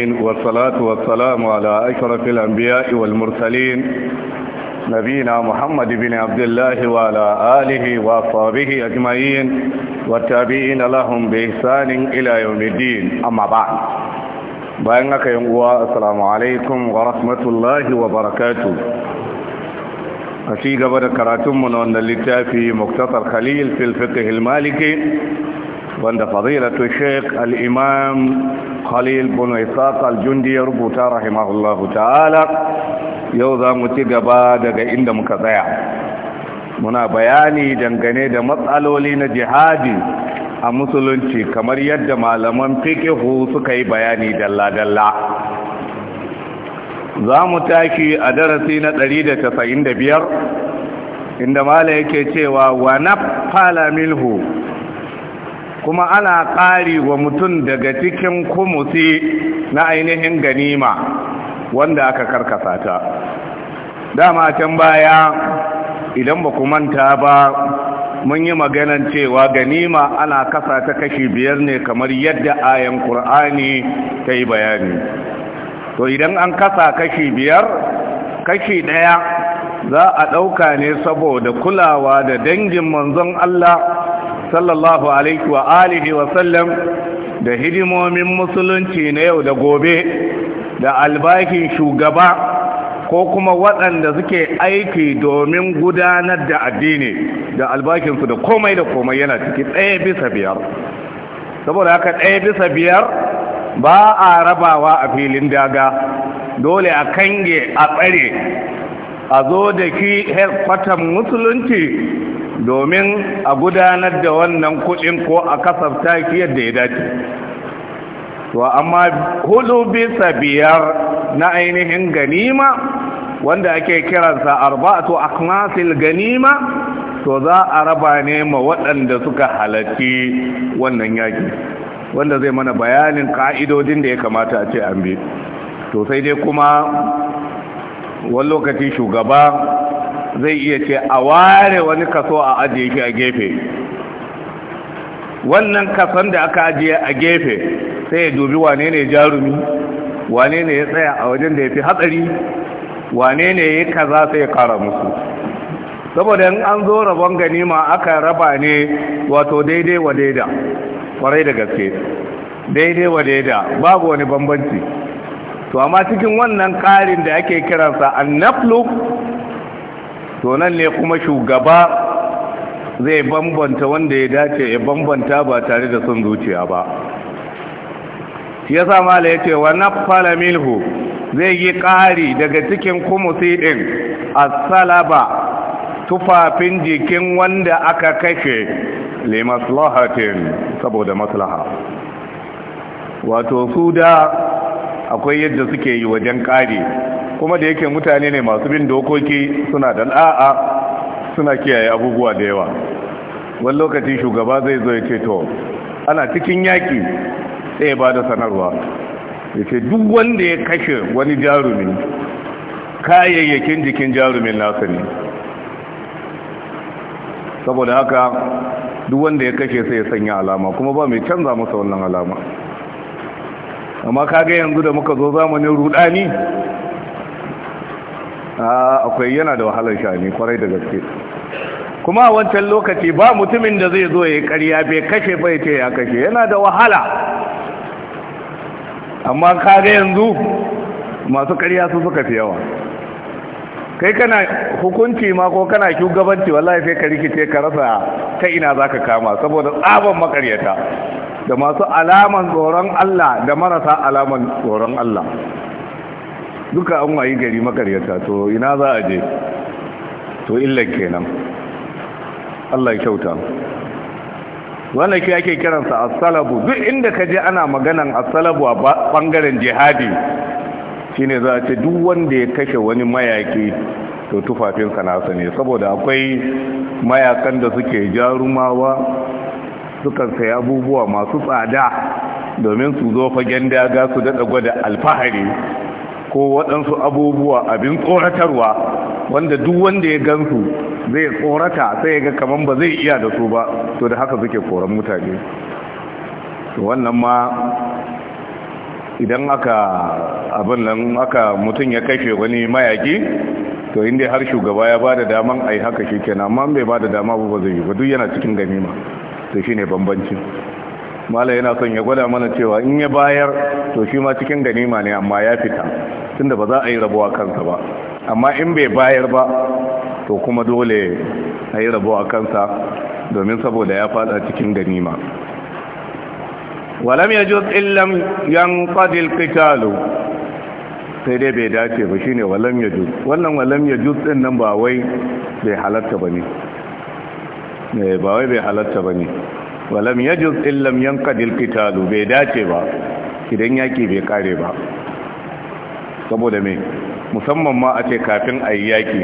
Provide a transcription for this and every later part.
والصلاة والسلام على أشرف الأنبياء والمرسلين نبينا محمد بن عبد الله وعلى آله وصحبه أجمعين والتابعين لهم بإحسان إلى يوم الدين أما بعد بأنك يوم السلام عليكم ورحمة الله وبركاته أشيق بدكراتم من أن في مقتصر خليل في الفقه المالكي wanda fadilatu sheik al'imam khalil bin isaac al-jundi ya rubuta rahimahullahu ta'ala yau za mu ci gaba daga inda muka tsaya muna bayani dangane da matsaloli na jihadi a musulunci kamar yadda malaman fikihu suka yi bayani dalla-dalla za mu tashi a darasi na 195 inda mala yake cewa wa na kuma ana ƙari wa mutum daga cikin kumusi na ainihin ganima wanda aka karkasa ta dama can baya idan ba ku manta ba mun yi maganan cewa ganima ana kasa ta kashi biyar ne kamar yadda ayan ƙur'ani ta yi bayani to idan an kasa kashi biyar kashi ɗaya za a ɗauka ne saboda kulawa da dangin manzon Allah sallallahu alaihi wa alihi wa sallam da hidimomin musulunci na yau da gobe da albakin shugaba ko kuma waɗanda suke aiki domin gudanar da addini da albakinsu da komai da komai yana ciki ɗaya bisa biyar saboda haka ɗaya bisa biyar ba a rabawa a filin daga dole a kange a tsare a zo da ki headquarter musulunci domin a gudanar da wannan kudin ko a kasafta ki yadda ya dace to amma hudu bisa biyar na ainihin ganima wanda ake kiransa arba'atu aqnasil ganima to za a raba ne ma waɗanda suka halarci wannan yaki wanda zai mana bayanin ka'idodin da ya kamata a ce an bi to sai dai kuma wani lokaci shugaba zai iya ce a ware wani kaso a ajiye shi a gefe wannan kason da aka ajiye a gefe sai ya dubi wane ne jarumi wane ne ya tsaya a wajen da ya fi hatsari wane ne ya kaza sai ya kara musu saboda in an zo rabon ganima aka raba ne wato daidai wa daida kwarai da gaske daidai wa daida babu wani bambanci to amma cikin wannan karin da ake kiransa annaflu to nan ne kuma shugaba zai bambanta wanda ya dace ya bambanta ba tare da son zuciya ba shi yasa mala ya ce wa nafala milhu zai yi ƙari daga cikin kumusi ɗin asalaba tufafin jikin wanda aka kashe limaslahatin saboda maslaha wato su da akwai yadda suke yi wajen ƙari kuma da yake mutane ne masu bin dokoki suna da a'a suna kiyaye abubuwa da yawa wani lokacin shugaba zai zo ya ce to ana cikin yaki sai ya bada sanarwa ya ce duk wanda ya kashe wani jarumi kayayyakin jikin jarumin nasa ne saboda haka duk wanda ya kashe sai ya sanya alama kuma ba mai canza masa wannan alama amma kaga yanzu da muka zo zamanin rudani akwai yana da wahalar shani kwarai da gaske kuma a wancan lokaci ba mutumin da zai zo ya yi karya bai kashe bai ce ya kashe yana da wahala amma kaga yanzu masu karya su suka fi yawa kai kana hukunci ma ko kana shugabanci wallahi sai ka rikice ka rasa ta ina za ka kama saboda tsaban makaryata da masu alaman tsoron Allah da marasa alaman tsoron Allah duka an wayi gari makaryata to ina za a je to illa kenan Allah kyauta wannan ke ake kiransa as-salabu duk inda ka je ana maganan as-salabu a bangaren jihadi shine za a ce duk wanda ya kashe wani mayaki to tufafinsa na ne saboda akwai mayakan da suke jarumawa sukan sayi abubuwa masu tsada domin su zo fagen daga su daɗa gwada alfahari ko waɗansu abubuwa abin tsoratarwa wanda duk wanda ya gansu zai tsorata sai ga kamar ba zai iya da su ba to da haka suke koran mutane wannan ma idan aka abin nan aka mutum ya kashe wani mayaki to inda har shugaba ya bada daman ai haka kenan amma bai ba bada dama ba zai yi ba duk yana cikin ganima to shine bambanci. malam yana son ya gwada mana cewa in ya bayar to shi ma cikin ganima ne amma ya fita tunda ba za a yi rabuwa kansa ba amma in bai bayar ba to kuma dole a yi rabuwa kansa domin saboda ya fada cikin ganima walam juz illam qadil qitalu sai dai bai dace ba shine walam juz wannan walam juz din nan ba wai bai halatta bane eh, ba wai bai halatta bane walam yajuz illam yanqadil qitalu bai dace ba idan yaki bai kare ba saboda me musamman ma a ce kafin ayi yaki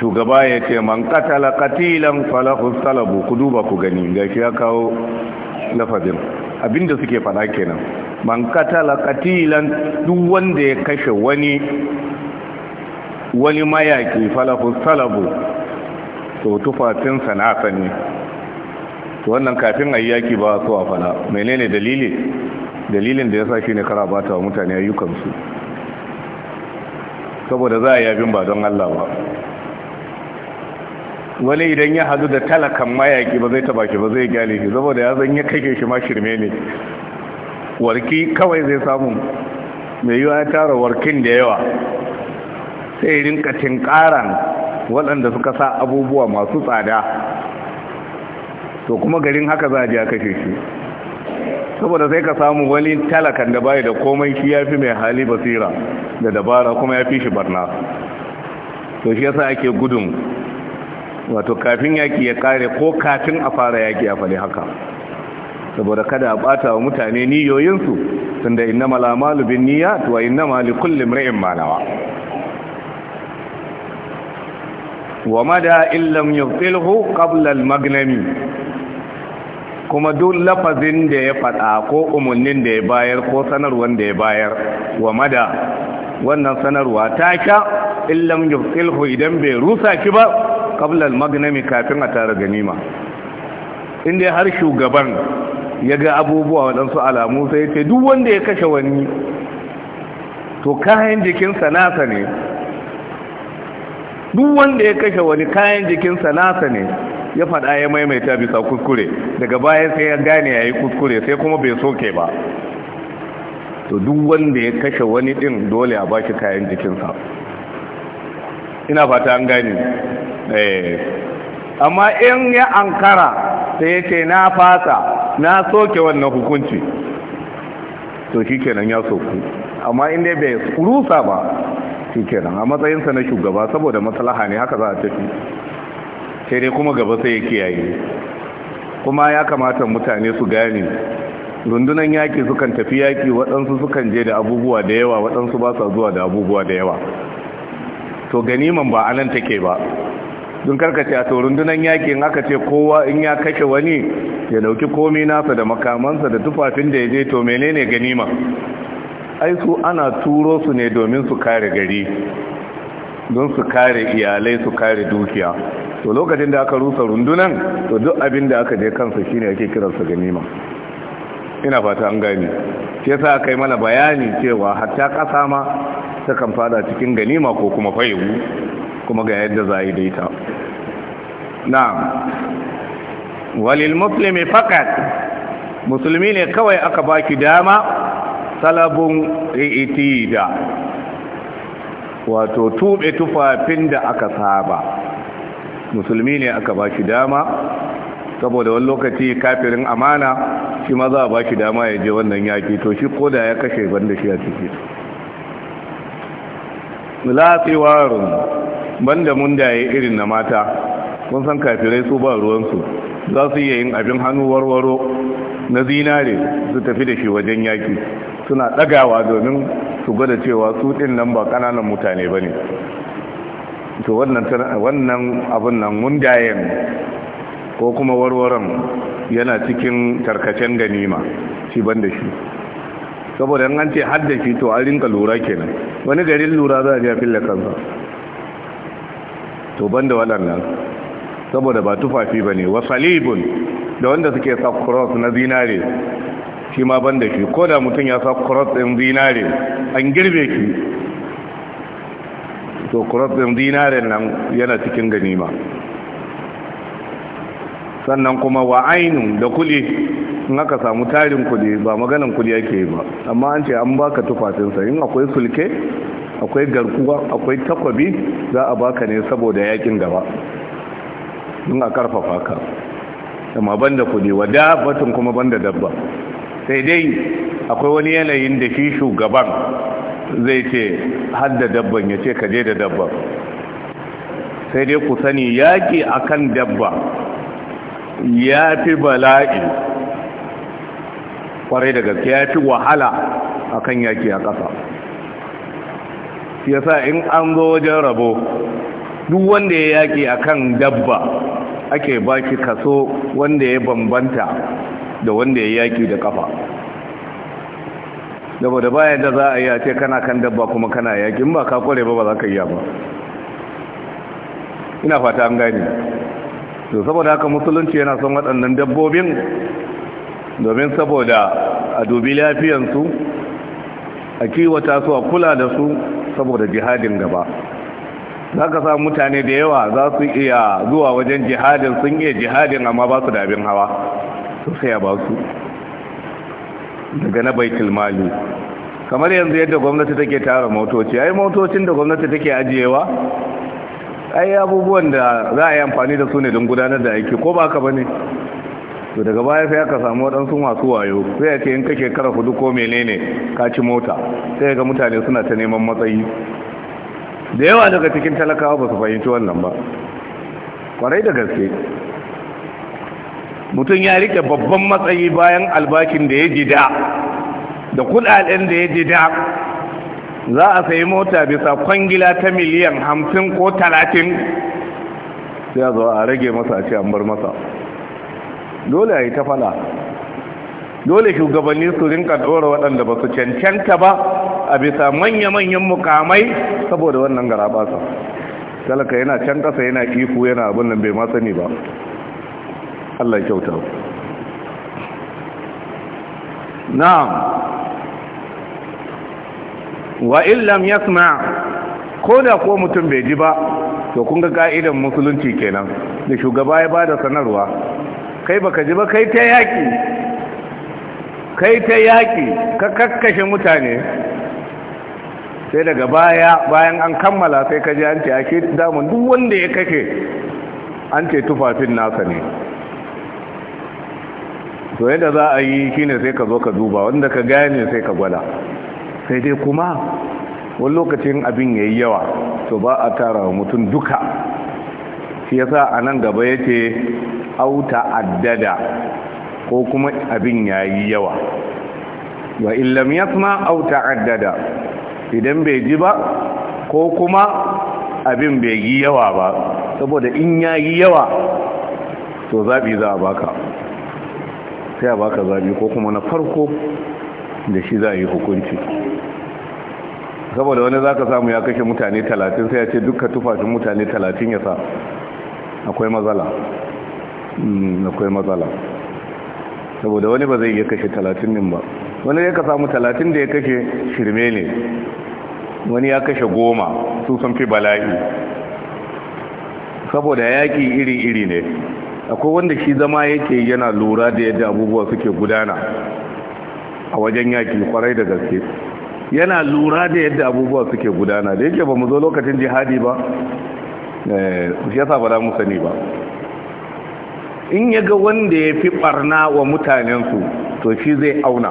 shugaba ya ce man qatala qatilan falahu salabu ku duba ku gani shi ya kawo lafazin abinda suke fada kenan man qatala qatilan duk wanda ya kashe wani wani mayaki falahu salabu to tufafinsa na ne to wannan kafin yi yaki ba so a fada menene dalili dalilin da ya shi shine kara bata wa mutane ayyukansu. saboda za a yabin ba don Allah ba wani idan ya hadu da talakan mayaki ba zai taba shi ba zai gyale shi saboda ya zan ya kake shi ma shirme ne warki kawai zai samu mai yiwa ya tara warkin da yawa sai rinka tinkaran waɗanda suka sa abubuwa masu tsada to kuma garin haka za a ji aka shi saboda sai ka samu wani talakan da bai da komai shi ya fi mai hali basira da dabara kuma ya fi shi barna to shi yasa ake gudun wato kafin yaki ya kare ko kafin a fara yaki a fali haka saboda kada a bata wa mutane niyoyinsu tunda innama la malu bin to wa inna mali kullum ra'in ma wa mada illam yughfilhu qabla al-maghnami kuma duk lafazin da ya faɗa ko umarnin da ya bayar ko sanarwar da ya bayar wa mada wannan sanarwa ta sha illam yufsilhu idan bai rusa ki ba qabla al-magnami kafin a tara ganima inda har shugaban ya ga abubuwa waɗansu alamu sai ce duk wanda ya kashe wani to kayan jikinsa nasa ne duk wanda ya kashe wani kayan jikinsa nasa ne ya faɗa ya maimaita bisa kuskure daga baya sai ya gane ya yi kuskure sai kuma bai soke ba to duk wanda ya kashe wani ɗin dole a ba shi kayan jikinsa ina fata an gane eh. amma in ya ankara sai ya ce na fasa na soke wannan hukunci to shi kenan ya soku amma inda bai rusa ba shi kenan a matsayinsa na shugaba saboda matsalaha ne haka za a tafi sai dai kuma gaba sai ya kiyaye kuma ya kamata mutane su gane rundunan yaki sukan tafi yaki waɗansu sukan je da abubuwa da yawa waɗansu ba sa zuwa da abubuwa da yawa to ganiman ba anan take ba don karkace a to rundunan yaƙi in aka ce kowa in ya kashe wani ya dauki komai nasa da makamansa da tufafin da ya je to menene ganima ai su ana turo su ne domin su kare gari don su kare iyalai su kare dukiya to lokacin da aka rusa rundunan to duk abin da aka je kansa shine ake kiransa ganima ina fata an gani shi yasa aka yi mana bayani cewa hatta kasa ma takan fada cikin ganima ko kuma fayu kuma ga yadda za a yi da ita na'am walil muslimi fakat musulmi ne kawai aka baki dama salabun itida wato tube tufafin da aka saba musulmi ne aka ba shi dama saboda wani lokaci kafirin amana shi ma za a ba shi dama ya je wannan yaki to shi koda ya kashe banda shi a ciki latsiwarun banda mundaye irin na mata kun san kafirai su ba ruwansu za su iya yin abin hannu warwaro na zinare su tafi da shi wajen yaki suna ɗagawa domin su gwada cewa su ɗin nan ba ƙananan mutane ba ne to wannan abin nan mundayen ko kuma warwaron yana cikin tarkacen ganima shi ban da shi saboda an ce hadda shi to an rinka lura kenan wani garin lura za a ji lakansa to ban da waɗannan saboda ba tufafi ba ne wasalibun da wanda suke sa cross na zinare shi ma ban da shi ko da mutum ya sa cross ɗin zinare an girbe ki to cross ɗin zinare nan yana cikin ganima sannan kuma wa ainihin da kuli in aka samu tarin kuɗi ba maganan kuɗi yake yi ba amma an ce an baka tufafinsa in akwai sulke akwai garkuwa akwai takwabi za a baka ne saboda yakin gaba don a karfafa ka amma da kudi wa batun kuma ban da dabba sai dai akwai wani yanayin da shi shugaban zai ce hadda dabban ya ce ka je da dabban sai dai ku sani yaƙi a kan dabba ya fi bala'i kwarai da gaske ya fi wahala akan yaƙi a ƙasa yasa in an zo wajen rabo duk wanda ya yaƙi a kan dabba ake ba ki kaso wanda ya bambanta da wanda ya yaƙi da kafa da bayan da za a yi a ce kana kan dabba kuma kana yaƙin ba ka kware ba ba za ka yi ba ina fata an gani to saboda haka musulunci yana son waɗannan dabbobin domin saboda a dubi lafiyansu a kiwata su a kula da su saboda jihadin gaba za ka samu mutane da yawa za su iya zuwa wajen jihadin sun iya jihadin amma ba su da hawa su sai ya ba su daga na baitul mali kamar yanzu yadda gwamnati take tara motoci ai motocin da gwamnati take ajiyewa ai abubuwan da za a yi amfani da su ne don gudanar da aiki ko ba ka bane to daga baya sai aka samu waɗansu masu wayo sai ya ce in kake kara hudu ko menene ka ci mota sai ga mutane suna ta neman matsayi da yawa daga cikin talakawa ba su fahimci wannan ba kwarai da gaske mutum ya rike babban matsayi bayan albakin da ya jida da kudaden da ya jida za a sayi mota bisa kwangila ta miliyan hamsin ko talatin sai a zo a rage masa ce an bar masa dole a yi ta fada dole shugabanni su rinka dora waɗanda ba su cancanta ba a bisa manya-manyan mukamai saboda wannan garabasa talaka yana can kasa yana iku yana abin nan bai ma sani ba Allah kyauta na'am wa illam yasma ko da ko mutum bai ji ba to kun ga ka'idan musulunci kenan da shugaba ya bada sanarwa kai baka ji ba kai ta yaki kai ta yaki. ka kakkashe mutane sai daga baya bayan an kammala sai ka ji an ce ake damun duk wanda ya kake an ce tufafin nasa ne to yadda za a yi shine sai ka zo ka duba wanda ka gane sai ka gwada sai dai kuma wani lokacin abin ya yi yawa to ba a tara mutum duka shi yasa a nan gaba ya ce auta addada ko kuma abin ya yi yawa wa illam yasma auta addada idan bai ji ba ko kuma abin bai yi yawa ba saboda in ya yi yawa to zaɓi za a baka sai a baka zaɓi ko kuma na farko da shi za a yi hukunci saboda wani za ka samu ya kashe mutane talatin sai ya ce duka tufafin mutane talatin ya sa akwai matsala hmm, akwai matsala saboda wani ba zai iya kashe talatin min ba wani ya ka samu talatin da ya kashe shirme ne wani ya kashe goma su sun fi bala'i saboda yaƙi iri-iri ne akwai wanda shi zama yake yana lura da yadda abubuwa suke gudana a wajen yaƙi kwarai da gaske yana lura da yadda abubuwa suke gudana da yake ba mu zo lokacin jihadi ba eh, shi yasa ba za mu sani ba in ya ga wanda ya fi barna wa mutanensu to shi zai auna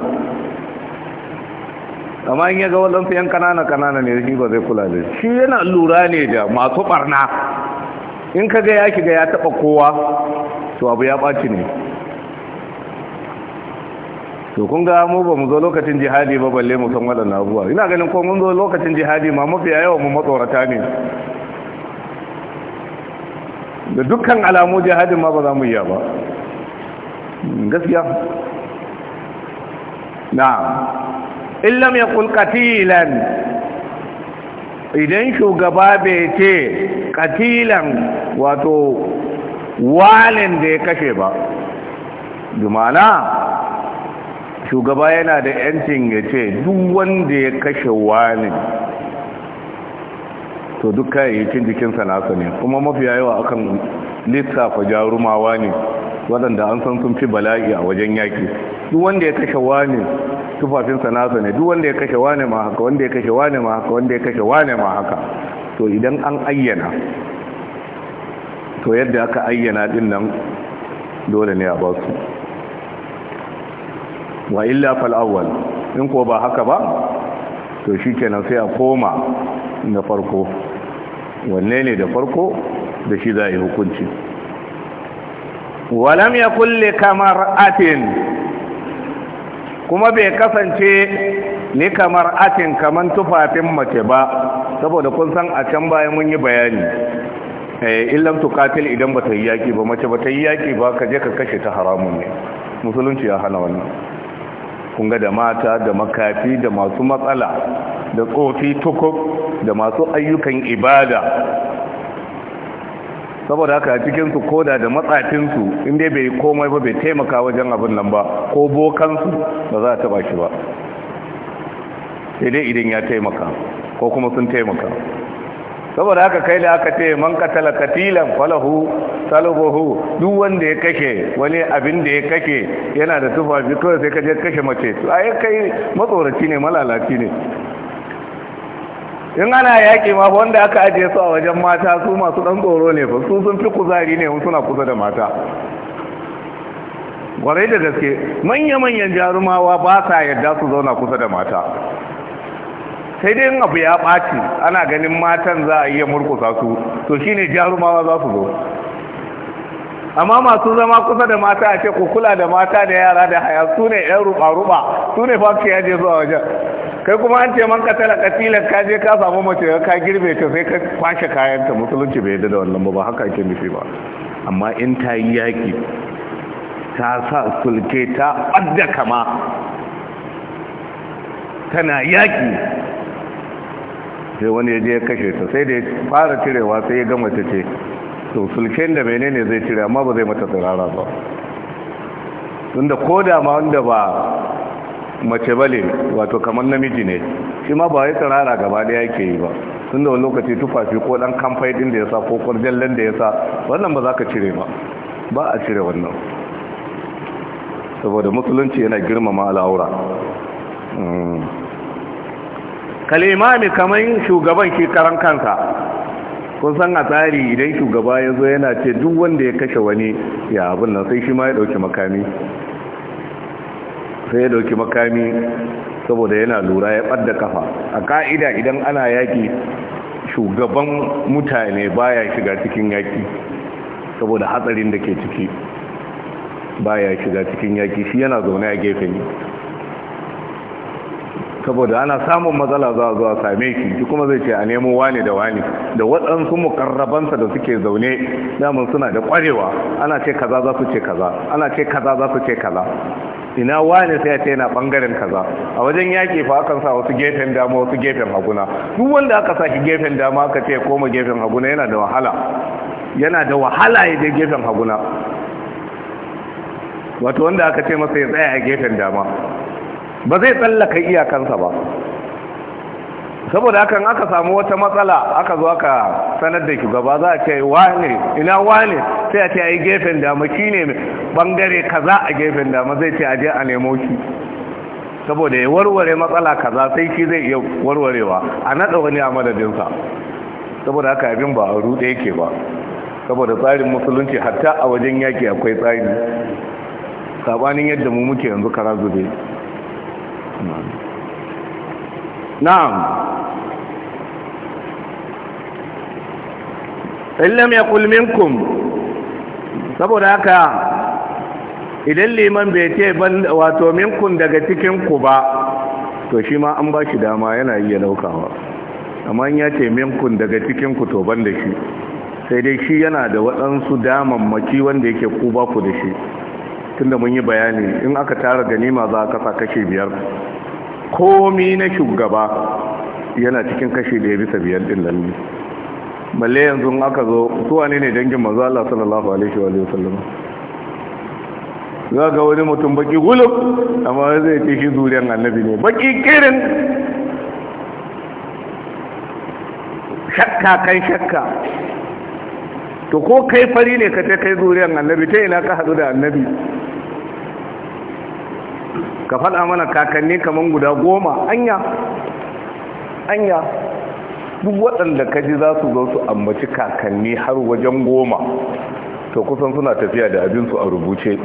amma in ya ga waɗansu yan kanana-kanana ne shi ba zai kula da shi yana lura ne da masu barna in ka ga ya shiga ya taɓa kowa to abu ya ɓaci ne to kun ga mu ba mu zo lokacin jihadi ba balle mu san waɗannan abuwa ina ganin ko mun zo lokacin jihadi ma mafi yawa mu matsorata ne da dukkan alamu jihadin ma ba za mu yi ba gaskiya na'am in lam yaqul qatilan idan shugaba bai ce qatilan wato walin da ya kashe ba dumana shugaba yana da yancin ya ce duk wanda ya kashe wani to duk kayayyakin jikinsa nasa ne kuma mafiya yawa akan lissafa jarumawa ne waɗanda an san sun fi bala'i a wajen yaƙi duk wanda ya kashe wane tufafinsa sanasa ne duk wanda ya kashe wane ma haka wanda ya kashe wane ma haka wanda ya kashe wane ma haka to idan an ayyana to yadda aka ayyana din nan dole ne a ba su wa illa fal awwal in ko ba haka ba to shikenan sai a koma na farko wanne ne da farko da shi za a yi hukunci walam ya kulle kamar atin kuma bai kasance ni kamar atin kamar tufafin mace ba saboda kun san a can bayan mun yi bayani eh, illam tukatil idan ba ta yi yaƙi ba mace ba ta yi yaƙi ba ka je ka kashe ta haramun ne musulunci ya hana wannan kun ga da mata da makafi da masu matsala da tsofi tukub da masu ayyukan ibada saboda haka cikinsu koda da matsafinsu inda bai komai ba bai taimaka wajen abin nan ba ko bokansu ba za a taba shi ba sai dai idan ya taimaka ko kuma sun taimaka saboda haka kai da aka ce man katala katilan falahu salahu duk wanda ya kashe wani abin da ya kashe yana da tufafi kawai sai ka je kashe mace to ai kai matsoraci ne malalaci ne in ana yaƙi ma wanda aka ajiye su a wajen mata su masu ɗan tsoro ne ba su sun fi kuzari ne suna kusa da mata gwarai da gaske manya-manyan jarumawa ba sa yadda su zauna kusa da mata sai dai abu ya ɓaci ana ganin matan za a iya murkusa su to shine jarumawa za su zo amma masu zama kusa da mata a ce ku kula da mata da yara da haya su ne 'yan ruba-ruba su ne fa yaje zuwa wajen kai kuma an ce man katala katila ka je ka samu mace ka girbe ta sai ka kwashe kayan ta musulunci bai yadda da wannan ba haka ake nufi ba amma in ta yi yaki ta sa sulke ta adda kama tana yaki sai wani ya je ya kashe ta sai da ya fara cirewa sai ya gama ta ce to sulken da menene zai cire amma ba zai mata tsirara ba tunda ko da ma wanda ba mace bale wato kamar namiji ne shi ma ba wai tsirara gaba da yake yi ba tun da wani lokaci tufafi ko dan kamfai din da ya sa ko kwarjallen da ya sa wannan ba za ka cire ba ba a cire wannan saboda musulunci yana girmama al'aura hmm. kalimami kamar shugaban ke karan kansa kun san a tsari idan shugaba ya zo yana ce duk wanda ya kashe wani ya abin nan sai shi ma ya ɗauki makami sai ya dauki makami saboda yana lura ya bada kafa a ka'ida idan ana yaki shugaban mutane baya shiga cikin yaki saboda hatsarin da ke ciki baya shiga cikin yaki shi yana zaune a gefe ne saboda ana samun matsala za a zuwa same shi shi kuma zai ce a nemo wane da wane da waɗansu mukarrabansa da suke zaune damar suna da ƙwarewa ana ce kaza za su ce kaza ana ce kaza za su ce kaza ina wani sai ya ce yana bangaren kaza a wajen yaƙi fa akan sa wasu gefen dama wasu gefen haguna duk wanda aka saki gefen dama aka ce koma gefen haguna yana da wahala yana da wahala ya je gefen haguna wato wanda aka ce masa ya tsaya a gefen dama ba zai tsallaka iyakansa ba saboda hakan aka samu wata matsala aka zo aka sanar da shugaba za a ce wane ina wane sai a ce a yi gefen dama shi ne bangare kaza a gefen dama zai ce a je a nemo shi saboda ya warware matsala kaza sai shi zai iya warwarewa a naɗa wani a madadinsa saboda haka abin ba a ruɗe yake ba saboda tsarin musulunci hatta a wajen yaki akwai tsari sabanin yadda mu muke yanzu kara zube na'am illam ya minkum saboda haka idan liman bai ce wato minkun daga cikinku ba to shi ma an ba shi dama yana iya laukawa amma ya ce minkun daga cikinku to ban da shi sai dai shi yana da waɗansu damammaki wanda yake ku ba ku da shi tunda mun yi bayani in aka tara ganima za a kasa kashe biyar komi na shugaba yana cikin kashe da ya bisa biyar ɗin lalle balle yanzu aka zo su wane ne dangin manzo Allah sallallahu alaihi wa sallam za ga wani mutum baki gulub amma zai ce shi zuriyar annabi ne baki kirin shakka kan shakka to ko kai fari ne ka ce kai zuriyar annabi ta ina ka hadu da annabi ka faɗa mana kakanni kaman guda goma anya anya duk waɗanda ka ji za su zo su ambaci kakanni har wajen goma to kusan suna tafiya da abinsu a rubuce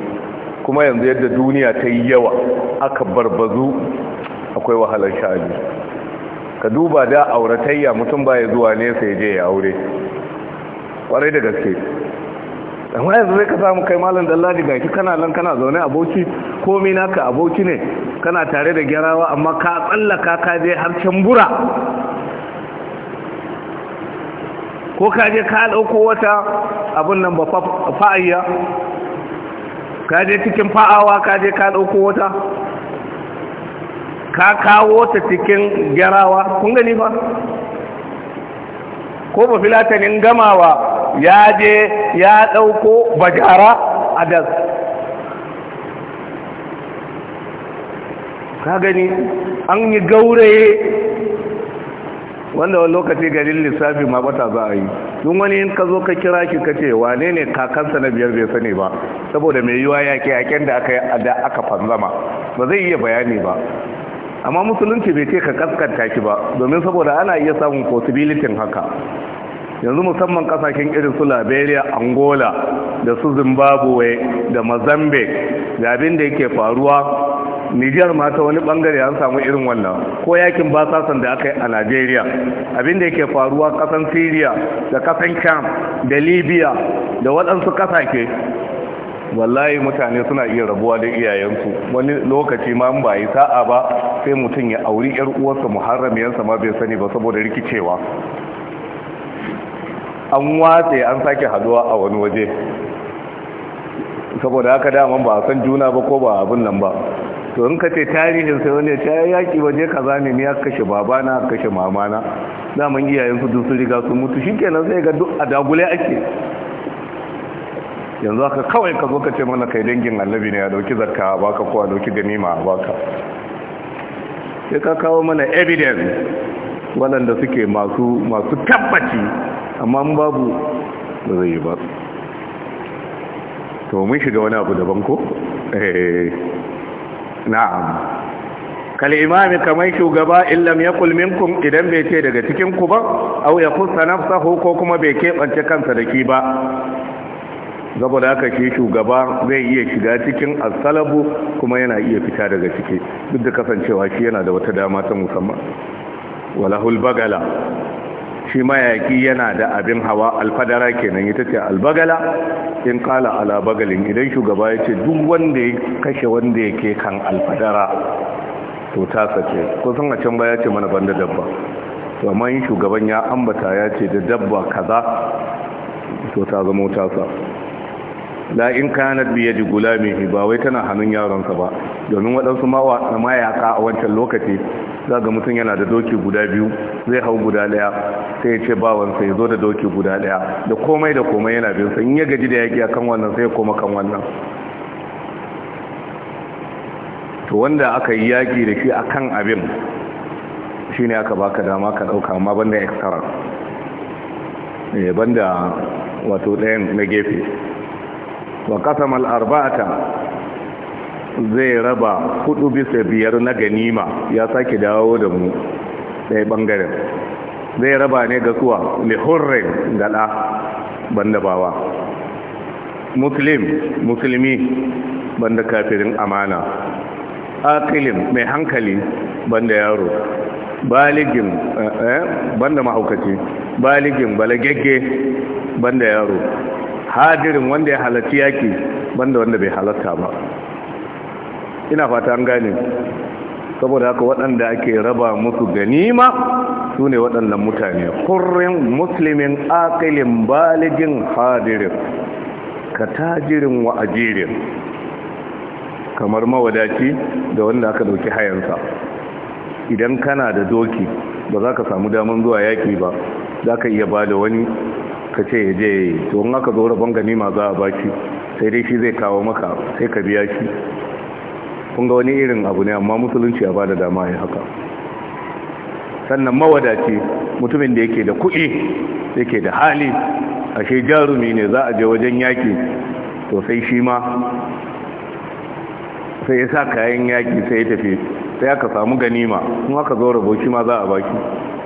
kuma yanzu yadda duniya ta yi yawa aka barbazu akwai wahalar sha'ani ka duba da auratayya mutum baya zuwa ne sai je ya aure kwarai da gaske amma yanzu zai ka samu kai malam dalladi ga shi kana nan kana zaune aboki komai naka aboki ne kana tare da gyarawa amma ka tsallaka ka je har can bura ko ka je ka ɗauko wata abin nan ba fa'ayya ka je cikin fa'awa ka je ka ɗauko wata ka kawo ta cikin gyarawa kun gani ba ko ba filatanin gamawa ya je ya ɗauko bajara a das ka gani an yi gauraye wanda wani lokaci garin lissafi ma bata za a yi tun wani in ka zo ka kira ki ka ce wane ne kakansa na biyar bai sani ba saboda mai yiwa ya ke yaken da aka da aka fanzama ba zai iya bayani ba amma musulunci bai ce ka kaskanta ki ba domin saboda ana iya samun possibility haka yanzu musamman kasashen irin su liberia angola da su zimbabwe da mozambique da abin da yake faruwa Nijiyar ma ta wani bangare an samu irin wannan ko yakin basasan da aka yi a najeriya abinda yake faruwa kasan syria da kasan cam da libya da waɗansu kasake. wallahi mutane suna iya rabuwa da iyayensu wani lokaci ma ba yi sa'a ba sai mutum ya auri yar uwarsa muharramiyarsa ma bai sani ba saboda rikicewa an watse an sake haduwa a wani waje saboda haka daman ba a san juna ba ko ba abin nan ba to in ka ce tarihin sai wani ta yaki waje kaza ne ne ya kashe babana kashe mamana zaman iyayen su dusu riga sun mutu shi kenan sai ga duk a dagule ake yanzu haka kawai ka zo ka ce mana kai dangin annabi ne ya dauki zakka ba ko a dauki ganima ka. sai ka kawo mana evidence waɗanda suke masu tabbaci amma babu ba zai yi ba to mun shiga wani abu daban ko eh, na'am kal imami kamar shugaba illam yaqul minkum idan bai ce daga cikin ku ba aw yakussa nafsahu ko kuma bai keɓance kansa da ki ba saboda haka shi shugaba zai iya shiga cikin asalabu kuma yana iya fita daga ciki duk da kasancewa shi yana da wata dama ta musamman walahul bagala shi mayaki yana da abin hawa alfadara kenan ita ce albagala in kala ala bagalin idan shugaba ya ce duk wanda ya kashe wanda ya ke kan alfadara to ta sace ko sun a can baya ce mana banda dabba to amma yin shugaban ya ambata ya ce da dabba kaza to ta zama tasa la in kanat bi yadi gulamihi ba wai tana hannun ka ba domin waɗansu mawa mayaka a wancan lokaci za ga mutum yana da doki guda biyu zai hau guda ɗaya sai ya ce bawansa ya zo da doki guda ɗaya da komai da komai yana bin Sai in ya gaji da yaƙi akan wannan sai ya koma kan wannan to wanda aka yi yaƙi da shi akan abin shine aka baka dama ka ɗauka amma banda extra eh, banda wato ɗayan na gefe wa kasam arba'ata zai raba hudu bisa biyar na ganima ya sake dawo da mu ɗaya ɓangaren zai raba ne ga suwa lihurren gala banda bawa muslim musulmi banda kafirin amana akilin mai hankali banda yaro baligin eh, eh, banda mahaukaci baligin balagegge banda yaro hadirin wanda ya halarci yaki banda wanda bai halarta ba ina fata an gane saboda haka waɗanda ake raba musu ganima su ne waɗannan mutane kurrin musulmin akilin baligin hadirin ka tajirin wa ajirin kamar mawadaci da wanda aka ɗauki hayansa idan kana da doki ba za ka samu daman zuwa yaƙi ba za ka iya ba da wani ka ce ya je to aka zo rabon ganima za a baki sai dai shi zai kawo maka sai ka biya shi kunga wani irin abu ne amma musulunci ya da dama ya haka sannan mawadaci mutumin da yake da kuɗi yake da hali ashe jarumi ne za a je wajen yaki to sai shi ma sai ya sa kayan yaki sai ya tafi sai aka samu ganima kuma aka zo rabo shi ma za a baki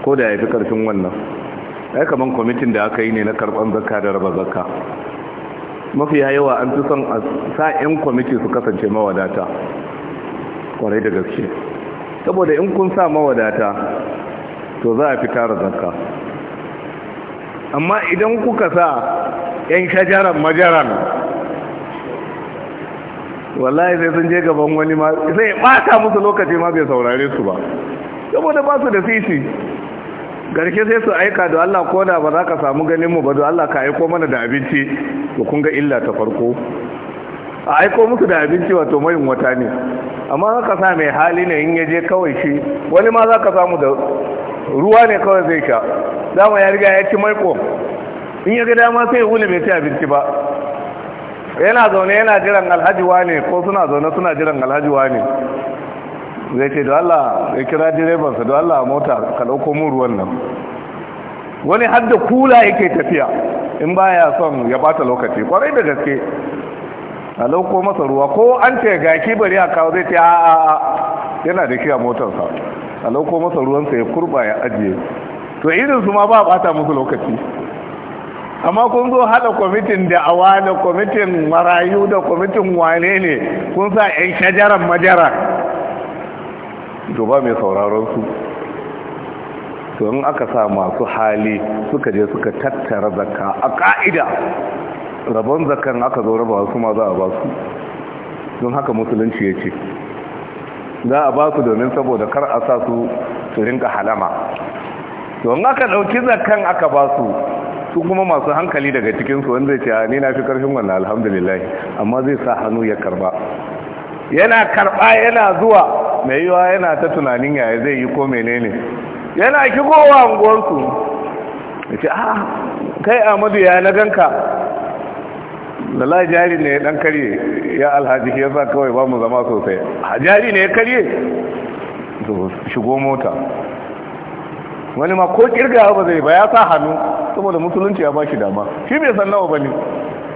ko da ya fi ƙarfin wannan ya kaman kwamitin da aka yi ne na karban zakka da raba zakka mafi yawa an fi son a sa 'yan kwamiti su kasance mawadata kwarai da gaske saboda in kun sa mawadata to za a fi tara zakka amma idan kuka sa 'yan shajaran majaran wallahi sai sun je gaban wani ma sai ɓata musu lokaci ma bai saurare su ba saboda ba su da sisi garke sai su aika da Allah ko da ba za ka samu ganin mu ba da Allah ka aiko mana da abinci to kun ga illa ta farko a aiko musu da abinci wato mai wata ne amma za ka sa mai hali ne in ya je kawai shi wani ma za ka samu da ruwa ne kawai zai sha dama ya riga ya ci ko in ya ga dama sai ya wuni bai ci abinci ba yana zaune yana jiran alhaji wane ko suna zaune suna jiran alhaji wane zai ce da Allah ya kira direbansa da Allah mota ka dauko mun ruwan nan wani har da kula yake tafiya in baya son ya bata lokaci kwarai da gaske a lauko masa ruwa ko an ce ki bari a kawo zai ce a a a yana da kiya motarsa a lauko masa ruwansa ya kurba ya ajiye to irin su ma ba a bata musu lokaci amma kun zo hada kwamitin da awa da kwamitin marayu da kwamitin wane ne kun sa 'yan shajaran majaran to mai sauraron su to aka sa masu hali suka je suka tattara zakka a ka'ida rabon zakkan aka zo raba su ma za a ba su don haka musulunci ya ce za a ba su domin saboda kar a sa su su rinka halama to aka ɗauki zakkan aka ba su su kuma masu hankali daga cikinsu wanda ce ni na fi ƙarfin wannan alhamdulillah amma zai sa hannu ya karba yana karba yana zuwa mai yiwa yana ta tunanin yaya zai yi ko menene yana kigowa unguwarku ya ce ah kai amadu ya na ganka lala jari ne dan karye ya alhaji ya sa kawai ba mu zama sosai ah, jari ne ya karye shigo mota wani ma ko kirga ba zai ba ya sa hannu saboda musulunci ya ba shi dama shi bai san nawa ba ne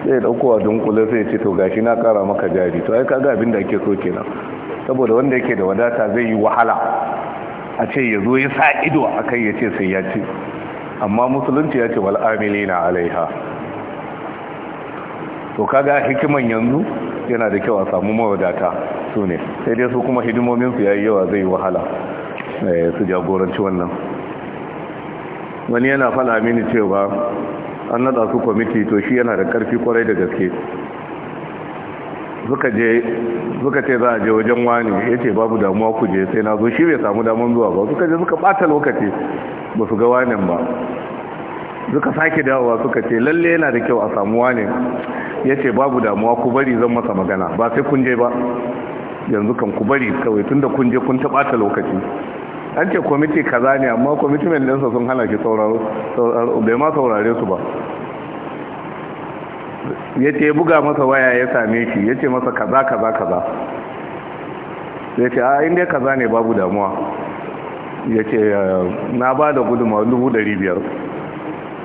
Zai dauko a dunkule sai ce to gashi na kara maka jari to ai kaga abin da ake so kenan saboda wanda yake da wadata zai yi wahala a ce ya zo ya sa ido a kai ya ce sai ya ci amma musulunci ya ce wal'amili na alaiha to kaga hikiman yanzu yana da kyau a samu mawadata su ne sai dai su kuma hidimominsu ya yi yawa zai yi wahala eh, su jagoranci wannan wani yana fada mini cewa an nada su kwamiti to shi yana da karfi kwarai da gaske suka je suka ce za a je wajen wani ya ce babu damuwa ku je sai na zo shi bai samu daman zuwa ba suka je suka bata lokaci ba su ga wanin ba suka sake dawowa suka ce lalle yana da kyau a samu wane ya ce babu damuwa ku bari zan masa magana ba sai kun je ba yanzu kan ku bari kawai tun da kun je kun ta bata lokaci an ce kwamiti kaza ne amma kwamiti mai ɗinsa sun hana shi sauraro bai ma saurare su ba ya ce buga masa waya ya same shi ya ce masa kaza kaza kaza ya ce a inda kaza ne babu damuwa ya ce na ba da guduma dubu dari biyar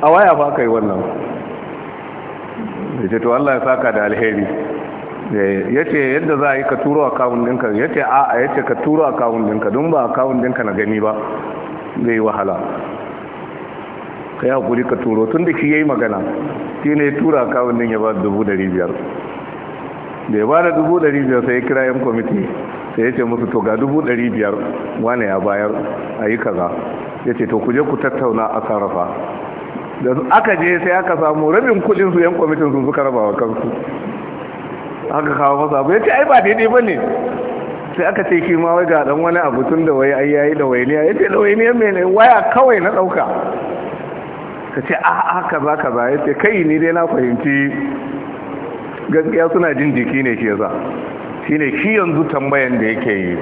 a waya ba ka yi wannan ya ce to Allah ya saka da alheri ya ce yadda za a yi ka turo akawun ɗinka ya ce a a ya ce ka turo akawun ɗinka don ba akawun ɗinka na gani ba zai wahala ka yi haƙuri ka turo tun da shi ya yi magana shi ne tura kawun din ya ba dubu dari biyar da ya ba da dubu dari biyar sai ya kira yan kwamiti sai ya ce musu to ga dubu dari biyar wane ya bayar a yi kaza ya ce to ku je ku tattauna a sarrafa da aka je sai aka samu rabin kudin su yan kwamitin sun suka raba wa kansu aka kawo masa abu ya ce ai ba daidai ba ne sai aka ce shi ma wai ga dan wani abu tun da wai ai yayi da wai ne ya ce da wai ne mai ne waya kawai na dauka ta ce a ah, haka ah, ba ka ba ya ce kai ni dai na fahimci gaskiya suna jin jiki ne ke za shi ne shi yanzu tambayan da yake yi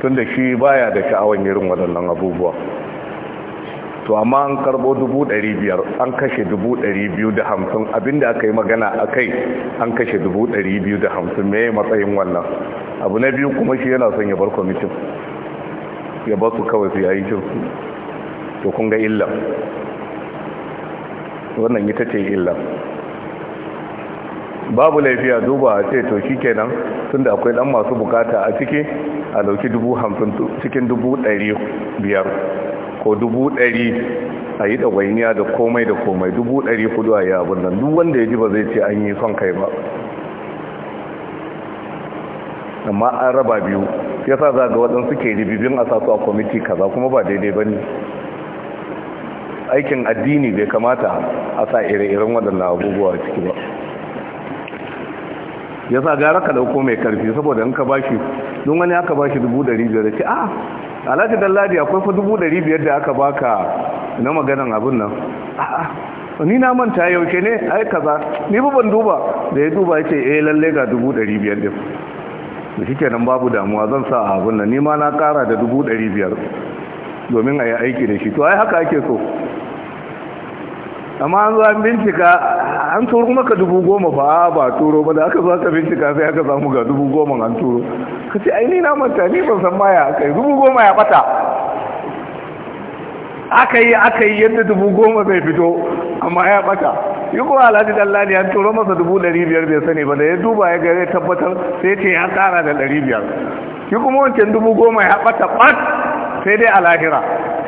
tun da shi baya da sha'awan irin waɗannan abubuwa to amma an karbo biyar an kashe hamsin abinda aka yi magana a kai an kashe hamsin mai matsayin wannan abu na biyu kuma shi yana son ya bar kwamitin ya ba su kawai su yayi cinsu to kun ga illa wannan ita ce illa babu laifiya duba a ce to shi kenan tunda akwai dan masu bukata a ciki a dauki dubu hamsin cikin dubu ɗari biyar ko dubu ɗari a yi ɗawainiya da komai da komai dubu ɗari kudu a yi abin nan duk wanda ya ji ba zai ce an yi son kai ba amma an raba biyu ya sa za ga waɗansu ke ribibin a sasu a kwamiti kaza kuma ba daidai ba ne aikin addini bai kamata a sa ire-iren waɗannan abubuwa ciki ba ya sa gara ka dauko mai karfi saboda in ka bashi don wani aka bashi dubu dari biyar ce a ah, alhaji ladi akwai fa dubu dari biyar da aka baka na maganan abin nan ni na manta yaushe ne ai kaza ni ba ban duba da ya duba ya ce eh lalle ga dubu dari biyar din da shi kenan babu damuwa zan sa a abin nan ni ma na kara da dubu dari biyar domin a yi aiki da shi to ai haka ake so amma an zo an bincika an turo maka dubu goma ba ba turo ba da aka zo aka bincika sai aka samu ga dubu goma an turo ka ce ai ni na manta ni ban san maya aka yi dubu goma ya bata aka yi aka yi yadda dubu goma zai fito amma ya bata yi kuma alhaji dallani an turo masa dubu ɗari biyar bai sani ba da ya duba ya gare tabbatar sai ce ya kara da ɗari biyar yi kuma wancan dubu goma ya bata bat sai dai a lahira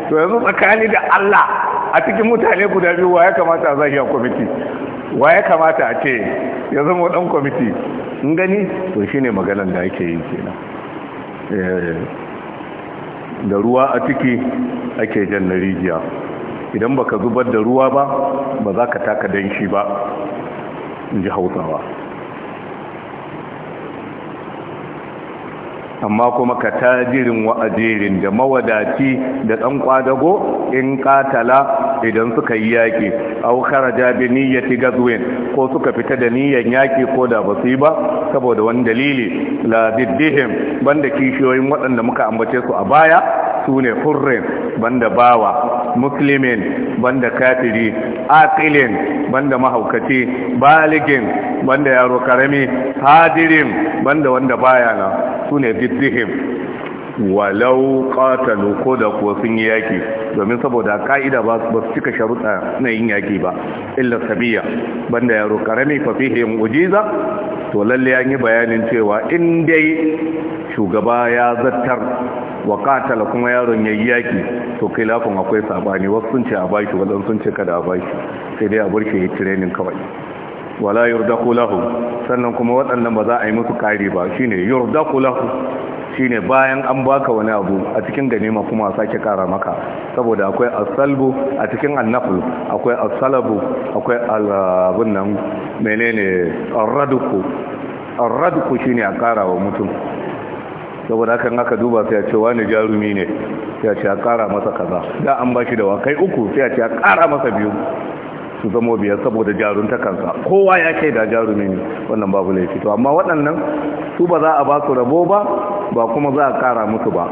to yanzu tsakani da allah a cikin mutane guda biyu wa ya kamata a zahiya kwamiti wa ya kamata a ce ya zama dan kwamiti in gani to shine maganar da ake yi kenan eh, da ruwa a ciki ake jan na rijiya idan baka zubar da ruwa ba ba za ka taka danshi ba in ji hausawa amma kuma ka tajirin wa ajirin da mawadaci da ɗan kwadago in katala idan suka yi yaƙi au kharaja bi niyyati gazwin ko suka fita da niyyan yaƙi ko da ba su yi ba saboda wani dalili la diddihim banda kishiyoyin waɗanda muka ambace su a baya sune hurrin banda bawa muslimin banda kafiri aqilin banda mahaukaci baligin banda yaro karami hadirin banda wanda baya nan su ne fiddihim walau qatalu ko da ko sun yi yaki domin saboda ka'ida ba su cika sharuɗa na yin yaki ba illa sabiya banda yaro karami fa fihi mu'jiza to lalle an yi bayanin cewa in dai shugaba ya zattar wa qatala kuma yaron ya yi yaki to kai lafun akwai sabani wasu sun ce a baki wasu sun ce kada a baki sai dai a burke training kawai wala yurdaku lahu sannan kuma waɗannan ba za a yi musu kari ba shine yurdaku lahu shine bayan an baka wani abu a cikin ganima kuma a sake kara maka saboda akwai asalbu a cikin annaflu akwai asalabu akwai alabun nan menene arraduku arraduku shine a kara wa mutum saboda in aka duba sai a ce wani jarumi ne sai a ce a kara masa kaza da an bashi da wakai uku sai a ce a kara masa biyu su zama biyar saboda kansa kowa ya kai da jarumi ne wannan babu laifi to amma waɗannan su ba za a ba su rabo ba ba kuma za a kara musu ba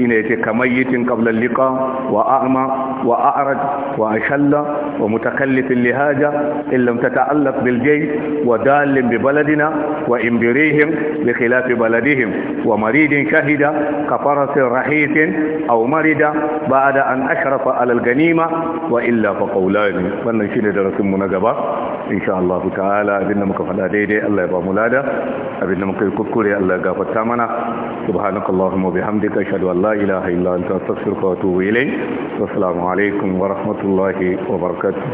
shine yace kamayyitin qabla liqa wa a'ma wa a'raj wa ashalla wa mutakallifin lihaja in lam tata'allaq bil jay wa dalin bi baladina wa imbirihim bi khilaf baladihim wa maridin shahida ka farasin rahisin aw marida ba'da an ashrafa ala al ganima wa illa fa qawlani wannan shine darasin mu na gaba insha Allah ta'ala abinda muka faɗa daidai Allah ya ba mu lada abinda muka yi kuskure Allah ya gafarta mana subhanakallahumma wa bihamdika ashhadu an la لا إله إلا أنت أستغفرك وأتوب إليك والسلام عليكم ورحمة الله وبركاته